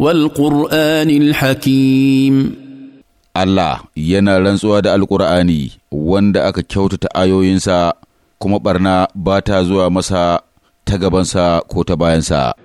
والقرآن hakim. Allah yana rantsuwa da alkur'ani wanda aka kyautata ayoyinsa kuma ɓarna ba ta zuwa masa ta gabansa ko ta bayansa.